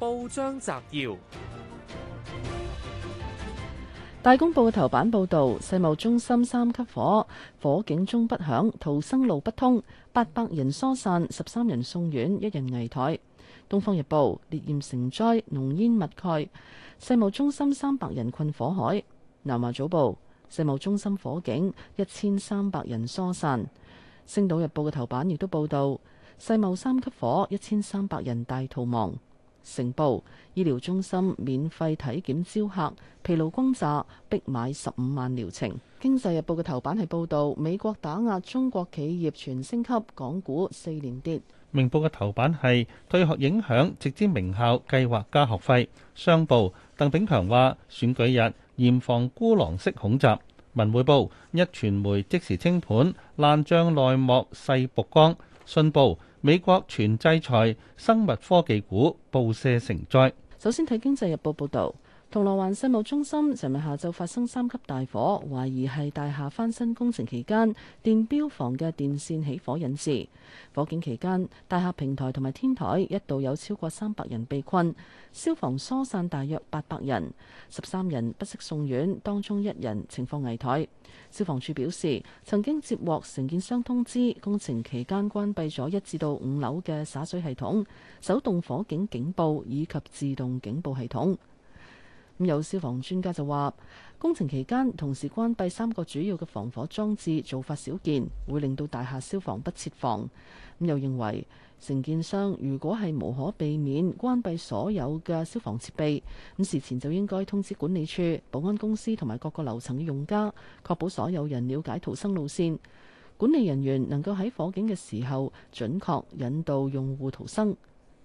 報章摘要：大公報嘅頭版報道，世貿中心三級火，火警鐘不響，逃生路不通，八百人疏散，十三人送院，一人危殆。東方日報，烈焰成災，濃煙密蓋，世貿中心三百人困火海。南華早報，世貿中心火警，一千三百人疏散。星島日報嘅頭版亦都報道，世貿三級火，一千三百人大逃亡。城報醫療中心免費體檢招客，疲勞轟炸逼買十五萬療程。經濟日報嘅頭版係報道美國打壓中國企業全升級，港股四連跌。明報嘅頭版係退學影響，直資名校計劃加學費。商報鄧炳強話選舉日嚴防孤狼式恐襲。文匯報壹傳媒即時清盤，爛賬內幕細曝光。信報美國全制裁生物科技股暴瀉成災。首先睇《經濟日報》報道。銅鑼灣世貿中心昨日下晝發生三級大火，懷疑係大廈翻新工程期間電標房嘅電線起火引致。火警期間，大廈平台同埋天台一度有超過三百人被困，消防疏散大約八百人，十三人不適送院，當中一人情況危殆。消防處表示，曾經接獲承建商通知，工程期間關閉咗一至到五樓嘅灑水系統、手動火警警報以及自動警報系統。有消防專家就話，工程期間同時關閉三個主要嘅防火裝置，做法少見，會令到大廈消防不設防。咁又認為，承建商如果係無可避免關閉所有嘅消防設備，咁事前就應該通知管理處、保安公司同埋各個樓層嘅用家，確保所有人了解逃生路線，管理人員能夠喺火警嘅時候準確引導用戶逃生。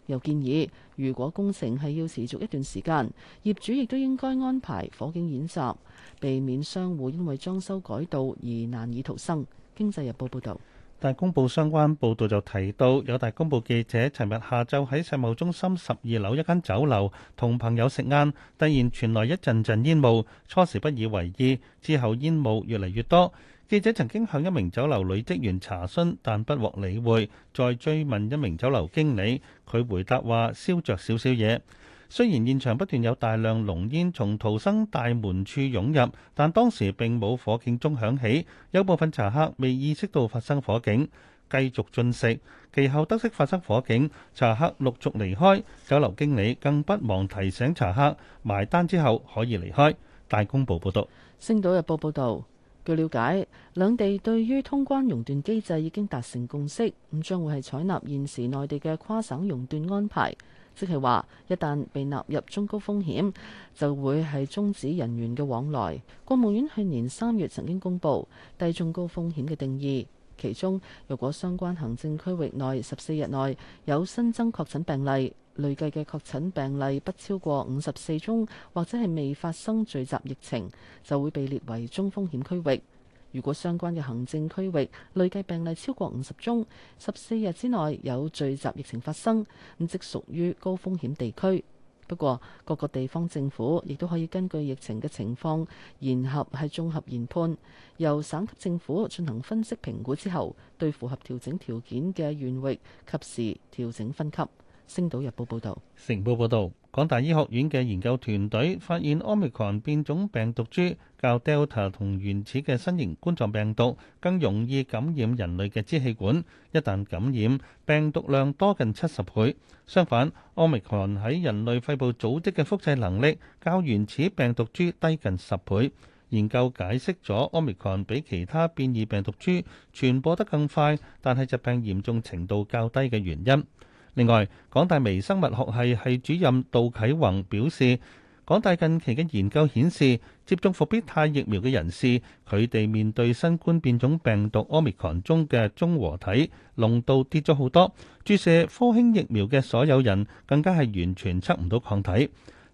又建議，如果工程係要持續一段時間，業主亦都應該安排火警演習，避免商戶因為裝修改道而難以逃生。經濟日報報導。大公報相關報導就提到，有大公報記者尋日下晝喺世貿中心十二樓一間酒樓同朋友食晏，突然傳來一陣陣煙霧，初時不以為意，之後煙霧越嚟越多。記者曾經向一名酒樓女職員查詢，但不獲理會，再追問一名酒樓經理，佢回答話燒着少少嘢。雖然現場不斷有大量濃煙從逃生大門處湧入，但當時並冇火警鐘響起，有部分茶客未意識到發生火警，繼續進食。其後得悉發生火警，茶客陸續離開，酒樓經理更不忘提醒茶客埋單之後可以離開。大公報報道。《星島日報》報道，據了解，兩地對於通關熔斷機制已經達成共識，咁將會係採納現時內地嘅跨省熔斷安排。即係話，一旦被納入中高風險，就會係中止人員嘅往來。國務院去年三月曾經公布低中高風險嘅定義，其中若果相關行政區域內十四日內有新增確診病例，累計嘅確診病例不超過五十四宗，或者係未發生聚集疫情，就會被列為中風險區域。如果相關嘅行政區域累計病例超過五十宗，十四日之內有聚集疫情發生，咁即屬於高風險地區。不過，各個地方政府亦都可以根據疫情嘅情況，結合係綜合研判，由省級政府進行分析評估之後，對符合調整條件嘅縣域，及時調整分級。星島日報報道，成報報道，港大醫學院嘅研究團隊發現，Omicron 變種病毒株較 Delta 同原始嘅新型冠狀病毒更容易感染人類嘅支氣管。一旦感染，病毒量多近七十倍。相反，Omicron 喺人類肺部組織嘅複製能力較原始病毒株低近十倍。研究解釋咗 Omicron 比其他變異病毒株傳播得更快，但係疾病嚴重程度較低嘅原因。另外，港大微生物學系系主任杜啟宏表示，港大近期嘅研究顯示，接種復必泰疫苗嘅人士，佢哋面對新冠變種病毒 Omicron 中嘅中和體濃度跌咗好多。注射科興疫苗嘅所有人更加係完全測唔到抗體，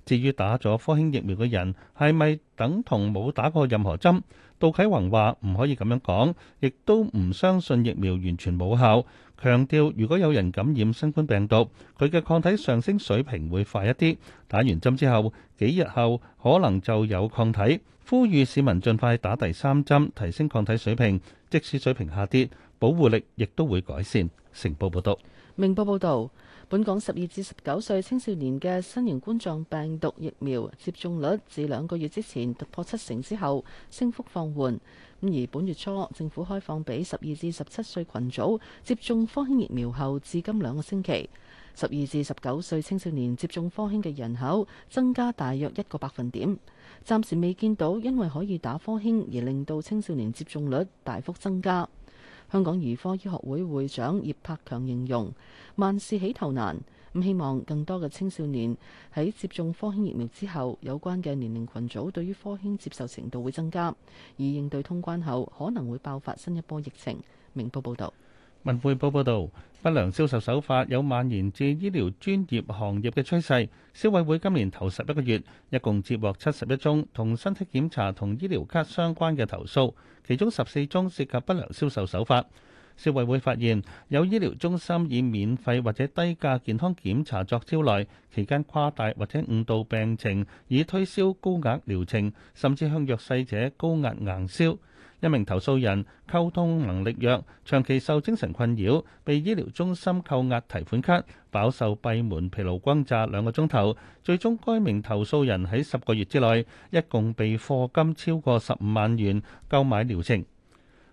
至於打咗科興疫苗嘅人係咪等同冇打過任何針？杜啟宏話唔可以咁樣講，亦都唔相信疫苗完全冇效。強調，如果有人感染新冠病毒，佢嘅抗體上升水平會快一啲。打完針之後幾日後可能就有抗體，呼籲市民盡快打第三針提升抗體水平，即使水平下跌，保護力亦都會改善。成報報道。明報報道。本港十二至十九歲青少年嘅新型冠狀病毒疫苗接種率，自兩個月之前突破七成之後，升幅放緩。咁而本月初，政府開放俾十二至十七歲群組接種科興疫苗後，至今兩個星期，十二至十九歲青少年接種科興嘅人口增加大約一個百分點，暫時未見到因為可以打科興而令到青少年接種率大幅增加。香港兒科醫學會會長葉柏強形容萬事起頭難，咁希望更多嘅青少年喺接種科興疫苗之後，有關嘅年齡群組對於科興接受程度會增加，而應對通關後可能會爆發新一波疫情。明報報道。文匯報報道，不良銷售手法有蔓延至醫療專業行業嘅趨勢。消委會今年頭十一個月，一共接獲七十一宗同身體檢查同醫療卡相關嘅投訴，其中十四宗涉及不良銷售手法。消委會發現，有醫療中心以免費或者低價健康檢查作招徠，期間誇大或者誤導病情，以推銷高額療程，甚至向弱勢者高額硬銷。一名投訴人溝通能力弱，長期受精神困擾，被醫療中心扣押提款卡，飽受閉門疲勞轟炸兩個鐘頭。最終，該名投訴人喺十個月之內，一共被課金超過十五萬元，購買療程。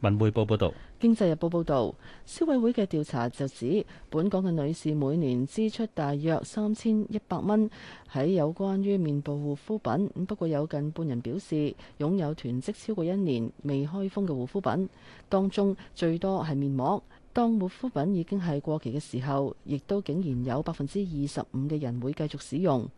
文匯報報道，經濟日報報道，消委會嘅調查就指，本港嘅女士每年支出大約三千一百蚊，喺有關於面部護膚品。不過有近半人表示擁有囤積超過一年未開封嘅護膚品，當中最多係面膜。當護膚品已經係過期嘅時候，亦都竟然有百分之二十五嘅人會繼續使用。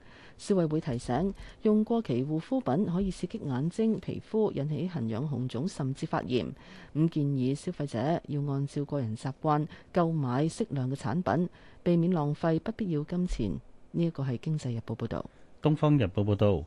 消委會，會提醒，用過期護膚品可以刺激眼睛、皮膚引起痕癢，紅腫甚至發炎。咁建議消費者要按照個人習慣購買適量嘅產品，避免浪費不必要金錢，呢一個係《經濟日報》報道。東方日報報道，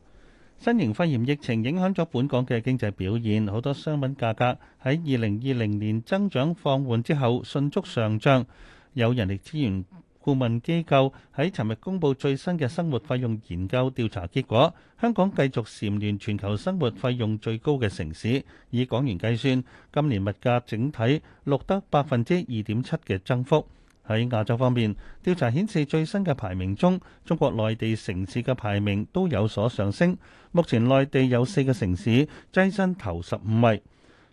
新型肺炎疫情影響咗本港嘅經濟表現，好多商品價格喺二零二零年增長放緩之後迅速上漲，有人力資源。顧問機構喺尋日公布最新嘅生活費用研究調查結果，香港繼續蟬聯全球生活費用最高嘅城市。以港元計算，今年物價整體錄得百分之二點七嘅增幅。喺亞洲方面，調查顯示最新嘅排名中，中國內地城市嘅排名都有所上升。目前內地有四個城市躋身頭十五位。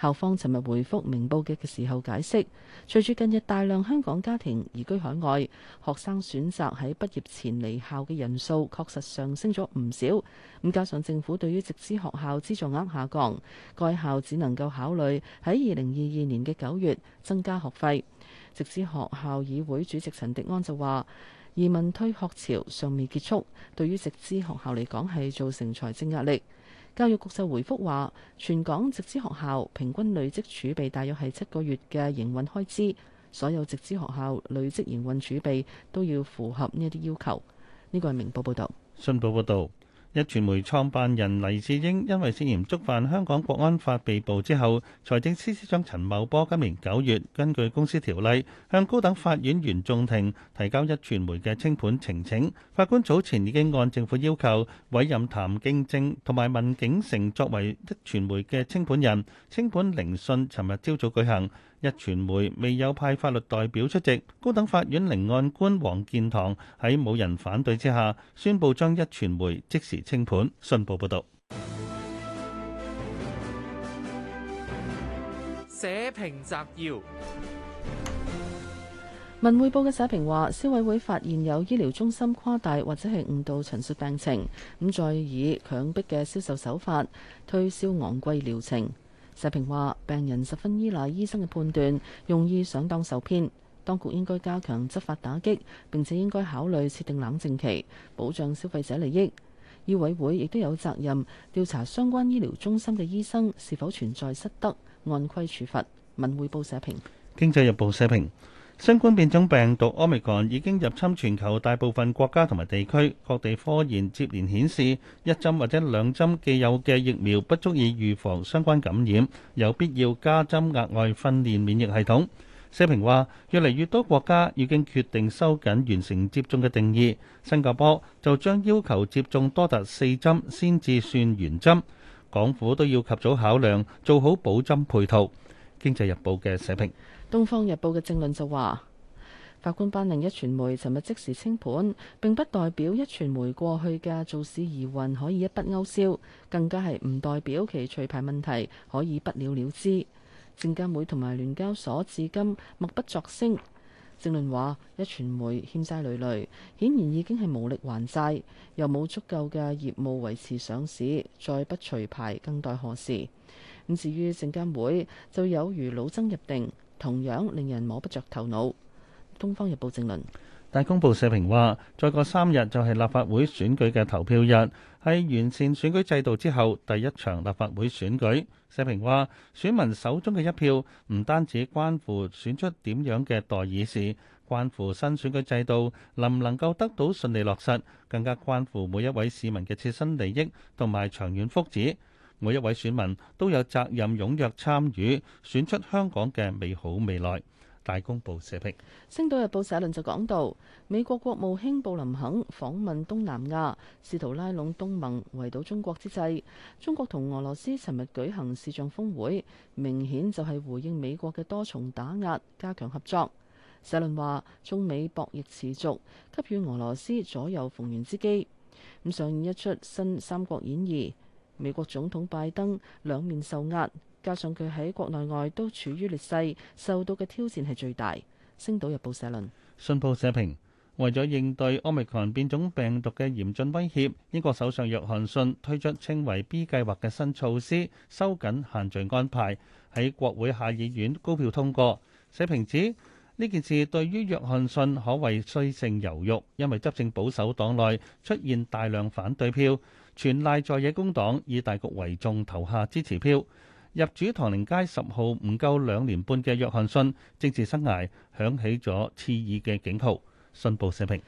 校方尋日回覆明報嘅時候解釋，隨住近日大量香港家庭移居海外，學生選擇喺畢業前離校嘅人數確實上升咗唔少。咁加上政府對於直資學校資助額下降，該校只能夠考慮喺二零二二年嘅九月增加學費。直資學校議會主席陳迪安就話：移民退學潮尚未結束，對於直資學校嚟講係造成財政壓力。教育局就回覆話：全港直資學校平均累積儲備大約係七個月嘅營運開支，所有直資學校累積營運儲備都要符合呢一啲要求。呢個係明報報道。新報報導。一傳媒創辦人黎智英因為涉嫌觸犯香港國安法被捕之後，財政司司長陳茂波今年九月根據公司條例向高等法院原訟庭提交一傳媒嘅清盤呈請。法官早前已經按政府要求委任譚敬正同埋文景成作為一傳媒嘅清盤人。清盤聆訊尋日朝早舉行。一傳媒未有派法律代表出席，高等法院聆案官黃建堂喺冇人反對之下，宣布將一傳媒即時清盤。信報報道。社評輯要：文匯報嘅社評話，消委會發現有醫療中心誇大或者係誤導陳述病情，咁再以強迫嘅銷售手法推銷昂貴療程。社評話：病人十分依賴醫生嘅判斷，容易上當受騙。當局應該加強執法打擊，並且應該考慮設定冷靜期，保障消費者利益。醫委會亦都有責任調查相關醫療中心嘅醫生是否存在失德，按規處罰。文匯報社評，經濟日報社評。新冠變種病毒 Omicron 已經入侵全球大部分國家同埋地區，各地科研接連顯示一針或者兩針既有嘅疫苗不足以預防相關感染，有必要加針額外訓練免疫系統。社評話，越嚟越多國家已經決定收緊完成接種嘅定義，新加坡就將要求接種多達四針先至算完針。港府都要及早考量，做好保針配套。經濟日報嘅社評。《東方日報》嘅政論就話：法官頒令一傳媒尋日即時清盤，並不代表一傳媒過去嘅造市疑雲可以一筆勾銷，更加係唔代表其除牌問題可以不了了之。證監會同埋聯交所至今默不作聲。政論話：一傳媒欠債累累，顯然已經係無力還債，又冇足夠嘅業務維持上市，再不除牌更待何時？咁至於證監會，就有如老僧入定。同樣令人摸不着頭腦。《東方日報》正論。《大公報》社評話，再過三日就係立法會選舉嘅投票日，係完善選舉制度之後第一場立法會選舉。社評話，選民手中嘅一票唔單止關乎選出點樣嘅代議士，關乎新選舉制度能唔能夠得到順利落實，更加關乎每一位市民嘅切身利益同埋長遠福祉。每一位選民都有責任踴躍參與，選出香港嘅美好未來。大公報社評，《星島日報》社論就講到，美國國務卿布林肯訪問東南亞，試圖拉攏東盟圍堵中國之際，中國同俄羅斯尋日舉行視像峰會，明顯就係回應美國嘅多重打壓，加強合作。社論話，中美博弈持續，給予俄羅斯左右逢源之機。咁上演一出新《三國演義》。美國總統拜登兩面受壓，加上佢喺國內外都處於劣勢，受到嘅挑戰係最大。星島日報社論、信報社評，為咗應對奧密克戎變種病毒嘅嚴峻威脅，英國首相約翰遜推出稱為 B 計劃嘅新措施，收緊限聚安排，喺國會下議院高票通過。社評指呢件事對於約翰遜可謂雖勝猶豫，因為執政保守黨內出現大量反對票。全賴在野工黨以大局為重投下支持票，入主唐寧街十號唔夠兩年半嘅約翰遜政治生涯響起咗刺耳嘅警號。信報社評。